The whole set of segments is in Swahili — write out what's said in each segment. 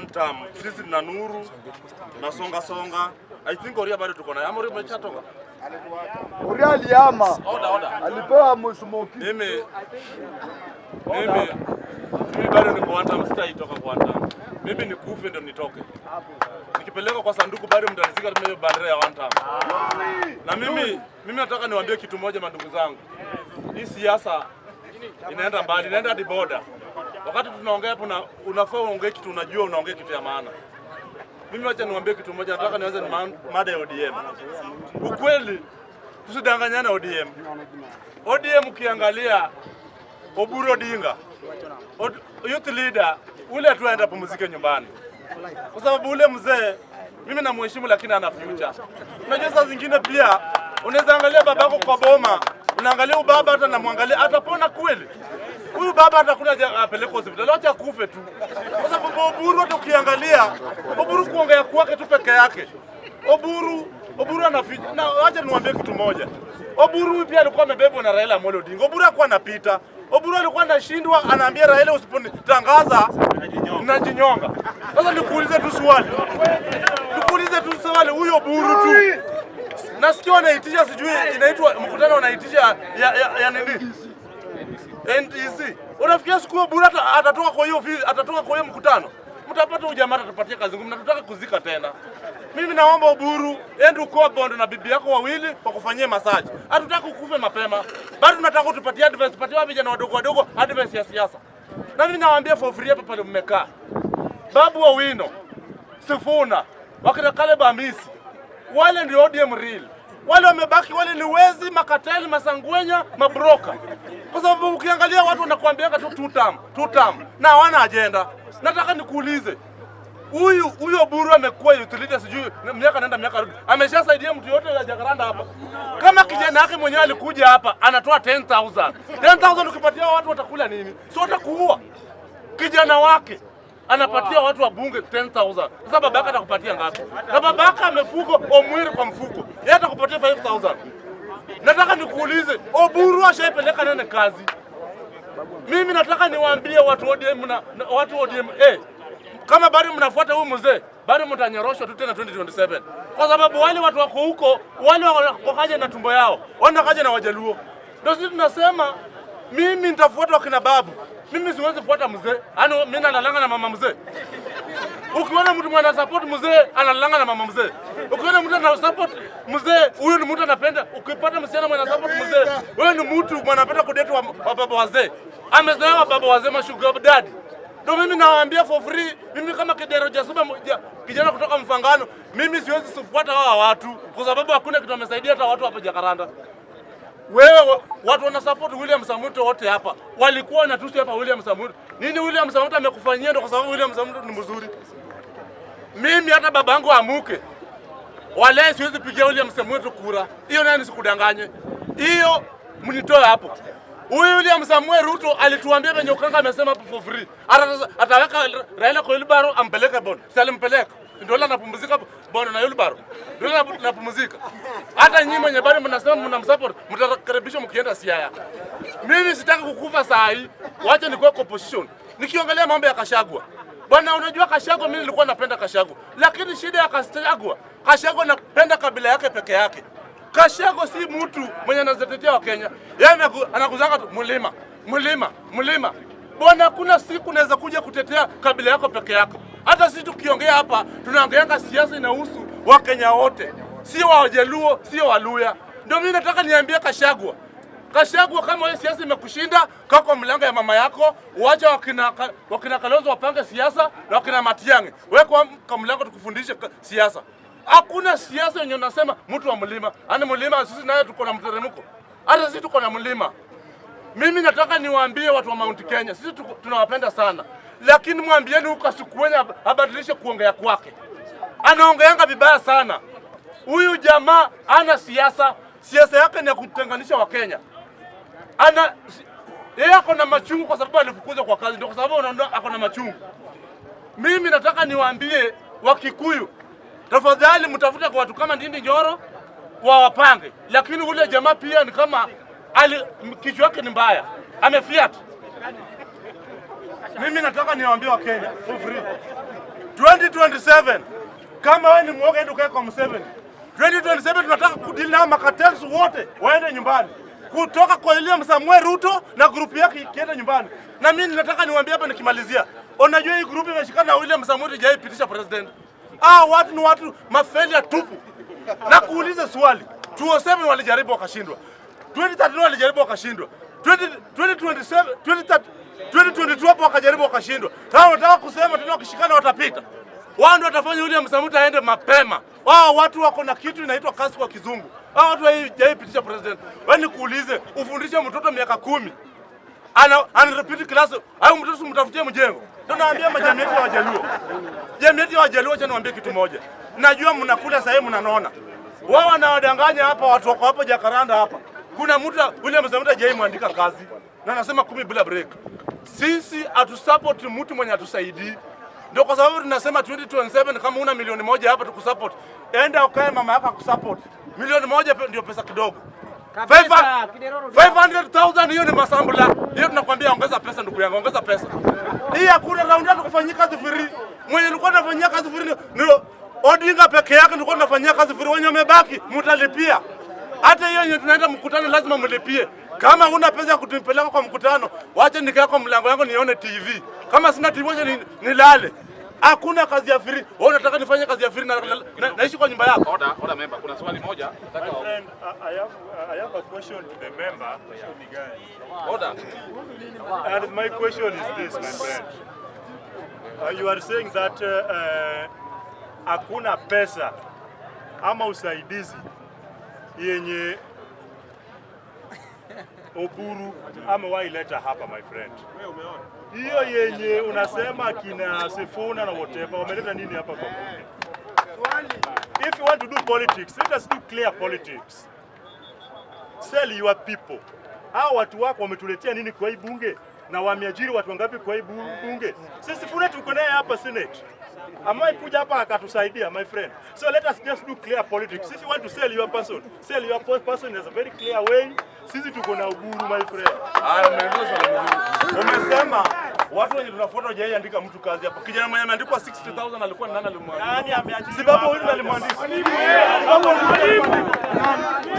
Bantam, Sisi tuna Nuru na Songa Songa. I think Oria bado tuko naye. Ama Oria umechatoka? Oria aliama. Oda oda. Alipewa msmoki. Mimi mimi mimi bado niko one term, sitaitoka kwa one term. Mimi nikufe ndio nitoke. Nikipeleka kwa sanduku bado mtanizika tumeyo bandera ya one Na mimi mimi nataka niwaambie kitu moja, mandugu zangu. Hii siasa inaenda mbali, inaenda hadi border. Wakati tunaongea hapo, unafaa uongee kitu unajua, unaongea kitu ya maana. Mimi wacha niwaambie kitu moja, nataka niweze ni mada ya ODM. Ukweli tusidanganyane, ODM ODM ukiangalia Oburu Odinga youth leader ule atuaenda pumzike nyumbani, kwa sababu ule mzee mimi namheshimu, lakini ana future. Unajua saa zingine pia unaweza angalia babako kwa boma, unaangalia ubaba, hata namwangalia atapona kweli? huyu baba atakuja apelekwa hospitali, acha kufe tu, kwa sababu Oburu hata ukiangalia Oburu kuongea kwake tu peke yake Oburu Oburu anaficha na, acha niwaambie kitu moja. Oburu pia alikuwa amebebwa na Raila Amolo Odinga. Oburu alikuwa anapita, Oburu alikuwa anashindwa, anaambia Raila, usiponitangaza najinyonga. Sasa nikuulize tu swali, nikuulize tu swali, huyo Oburu tu nasikia wanaitisha, sijui inaitwa mkutano wanaitisha ya, ya, ya nini NDC. Unafikiria siku hiyo Burata atatoka kwa hiyo atatoka kwa hiyo mkutano. Mtapata ujamaa atatupatia kazi ngumu na tutaka kuzika tena. Mimi naomba Uburu, ende ukoa bonde na bibi yako wawili wakufanyie masaji. Hatutaki ukufe mapema. Bado tunataka utupatie advice, tupatie wapi vijana wadogo wadogo advice ya siasa. Na mimi nawaambia for free hapa pale mmekaa. Babu Owino, Sifuna, wakina Caleb Amisi. Wale ndio ODM real. Wale wamebaki wale ni wezi, makateli, masanguenya, mabroka kwa sababu ukiangalia watu wanakuambianga tu two term, na hawana ajenda. Nataka nikuulize huyu huyo Buru amekuwa youth sijui miaka nenda miaka rudi, ameshasaidia mtu yote ya Jacaranda hapa? Kama kijana yake mwenyewe alikuja hapa anatoa 10000 10000 ukipatia watu watakula nini? Sio atakuua kijana wake anapatia watu wa bunge 10000. Sasa babaka atakupatia ngapi? Na babaka amefuko Omwiri kwa mfuko, yeye atakupatia 5000. Nataka nikuulize, Oburu ashaipeleka nene kazi? Mimi nataka niwaambie watu ODM na, na watu ODM eh, kama bado mnafuata huyu mzee bado mtanyoroshwa tu tena 2027 kwa sababu wale watu wako huko, wale wako kaja na tumbo yao, wana kaja na Wajaluo. Ndio sisi tunasema mimi nitafuata wakina babu, mimi siwezi kufuata mzee. Yaani mimi nalalanga na mama mzee. Ukiona mtu mwana support mzee analanga na mama mzee, ukiona mtu ana support mzee, huyo ni mtu anapenda. Ukipata msichana mwana support mzee, wewe ni mtu mwana anapenda kudate wa, wa baba wazee, amezoea wa baba wazee, mashuga dad. Ndio mimi nawaambia for free, mimi kama Kidero cha moja kijana kutoka Mfangano, mimi siwezi kufuata hawa watu kwa sababu hakuna kitu amesaidia hata watu hapa Jakaranda. Wewe watu wana support William Samuto wote hapa. Walikuwa na tusi hapa William Samuto. Nini William Samuto amekufanyia ndio kwa sababu William Samuto ni mzuri. Mimi hata baba yangu amuke wale, siwezi pigia William Samuel kura hiyo, nani, nisikudanganye hiyo, mnitoe hapo. Huyu William Samuel Ruto alituambia venye ukanga amesema hapo for free. Ataweka Raila kwa ulibaro ampeleke Bondo. Salimpeleka. Ndio la napumzika Bondo na ulibaro Ndio la napumzika. Hata nyinyi mwenye bado mnasema mnamsupport, mtakaribishwa mkienda Siaya. Mimi sitaki kukufa saa hii. Wacha nikuwe kwa position. Nikiongelea mambo ya Kashagwa. Bwana, unajua Kashago, mimi nilikuwa napenda Kashago, lakini shida ya Kashago, Kashago napenda kabila yake peke yake. Kashago si mtu mwenye anazetetea Wakenya, yeye anakuzanga tu mlima mlima mlima. Bwana, kuna siku naweza kuja kutetea kabila yako peke yako. Hata sisi tukiongea hapa tunaongeanga siasa inahusu Wakenya wote, sio Wajaluo, sio Waluya. Ndio mimi nataka niambie Kashagwa Kashagwa, kama wewe siasa imekushinda, kaa kwa mlango ya mama yako, uacha wakina wakina Kalonzo wapange siasa na wakina Matiang'i. Wewe kwa kwa mlango tukufundishe siasa. Hakuna siasa yenye unasema mtu wa mlima. Yaani mlima sisi naye tuko na mteremko. Hata sisi tuko na mlima. Mimi nataka niwaambie watu wa Mount Kenya, sisi tunawapenda sana. Lakini mwambieni huko asikuenya abadilishe kuongea kwake. Anaongeanga vibaya sana. Huyu jamaa ana siasa. Siasa yake ni ya kutenganisha Wakenya ana yeye ako na machungu kwa sababu alifukuzwa kwa kazi, ndio kwa sababu unaona ako na machungu. Mimi nataka niwaambie Wakikuyu, tafadhali mtafute kwa watu kama Ndindi Nyoro wawapange, lakini ule jamaa pia ni kama ali kichwa yake ni mbaya, amefiat. Mimi nataka niwaambie Wakenya for free 2027 kama wewe ni mwoga, enda ukae kwa Museveni. 2027 tunataka kudili na makatels wote waende nyumbani kutoka kwa William Samuel Ruto na grupu yake ikienda nyumbani. Na mimi nataka niwaambie hapa nikimalizia, unajua hii grupu imeshikana na William Samuel Ruto jaipitisha president. Ah, watu ni watu ya tupu. Na kuuliza swali, 2007 walijaribu wakashindwa, 2013 walijaribu wakashindwa, 2027 2022 hapo wakajaribu wakashindwa. Sasa wanataka kusema tena wakishikana watapita. Wao ndio watafanya William Samuel aende mapema. Wao watu wako na kitu inaitwa kasi kwa kizungu. Hao watu hawajaipitisha president. Wewe nikuulize, ufundishe mtoto miaka kumi. Ana ana repeat class, au mtoto mtafutie mjengo. Ndio naambia majamii yetu ya Wajaluo. Jamii yetu ya Wajaluo acha niwaambie kitu moja. Najua mnakula sasa hivi mnanona. Wao wanawadanganya hapa watu wako hapo Jacaranda hapa. Kuna mtu William Samuel Jai muandika kazi na anasema kumi bila break. Sisi atusupport mtu mwenye atusaidii. Ndio kwa sababu tunasema 2027 kama una milioni moja hapa tukusupport enda ukae mama yako akusupport. Milioni moja ndio pesa kidogo. 500,000 hiyo ni masambula. Hiyo tunakwambia ongeza pesa ndugu yangu, ongeza pesa. Hii hakuna round hata kufanyika kazi free. Mwenye nilikuwa nafanyia kazi free ni Odinga peke yake nilikuwa nafanyia kazi free. Wenye wamebaki mtalipia. Hata hiyo yenye tunaenda mkutano lazima mlipie. Kama huna pesa ya kutupeleka kwa mkutano, wacha nikae kwa mlango yangu nione TV. Kama sina TV wacha nilale. Hakuna kazi ya free. Wewe unataka nifanye kazi ya free na, na, na naishi kwa nyumba yako. Order, order member. Kuna swali moja. Nataka My friend, I have I have a question to the member. Order. And my question is this, my friend. Uh, you are saying that uh, uh, hakuna pesa ama usaidizi yenye Oburu amewaileta hapa my friend. Wewe umeona? hiyo yenye unasema kina Sifuna na whatever wameleta nini hapa kwa bunge? If you want to do politics, let us do clear politics. Sell your people. Hao watu wako wametuletea nini kwa hii bunge na wameajiri watu wangapi kwa hii bunge? Sisi Sifuna tuko naye hapa Senate. Amai kuja hapa akatusaidia my friend. So let us just do clear politics. If you want to sell your person, sell your person. in a very clear way sisi tuko na uhuru my friend. Umesema watu wenye tunafuata andika mtu kazi hapa. Kijana mwenye ameandikwa 60000 alikuwa ni nani alimwandika? Nani ameandika? Sababu huyu alimwandika. Sababu mwalimu.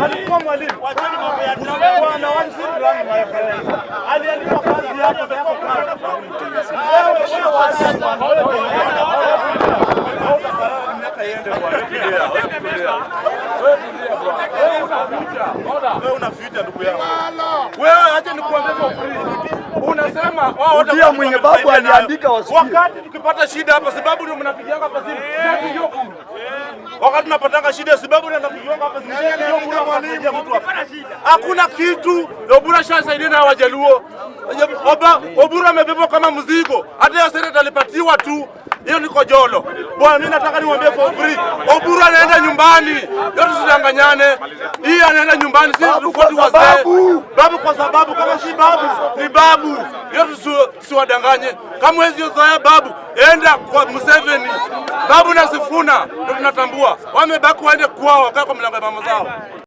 Alikuwa mwalimu. Wacheni mambo ya bwana wangu si brand my friend. Aliandika kazi hapa kwa hapo kazi. Wewe wewe wasi. Unasema mwenye babu aliandika wasikie. Wakati tukipata shida hapa, sababu ndio mnapigia hapa simu. Wakati tunapatanga shida, sababu ndio mnapigia hapa simu. Hakuna kitu. Obura shasaidia na Wajaluo. Obura amebebwa kama mzigo. Hata yeye serikali alipatiwa tu hiyo ni kojolo. bwana. Mimi nataka niwaambie for free, Oburu anaenda nyumbani, ndio tusidanganyane. Hii anaenda nyumbani, si tulikuwa tu wazee babu, kwa sababu kama si babu ni babu, ndio tusiwadanganye. Kama wezi zoea babu, enda kwa Museveni, babu na Sifuna ndio tunatambua. Wamebaki waende kwao, wakae kwa milango ya mama zao.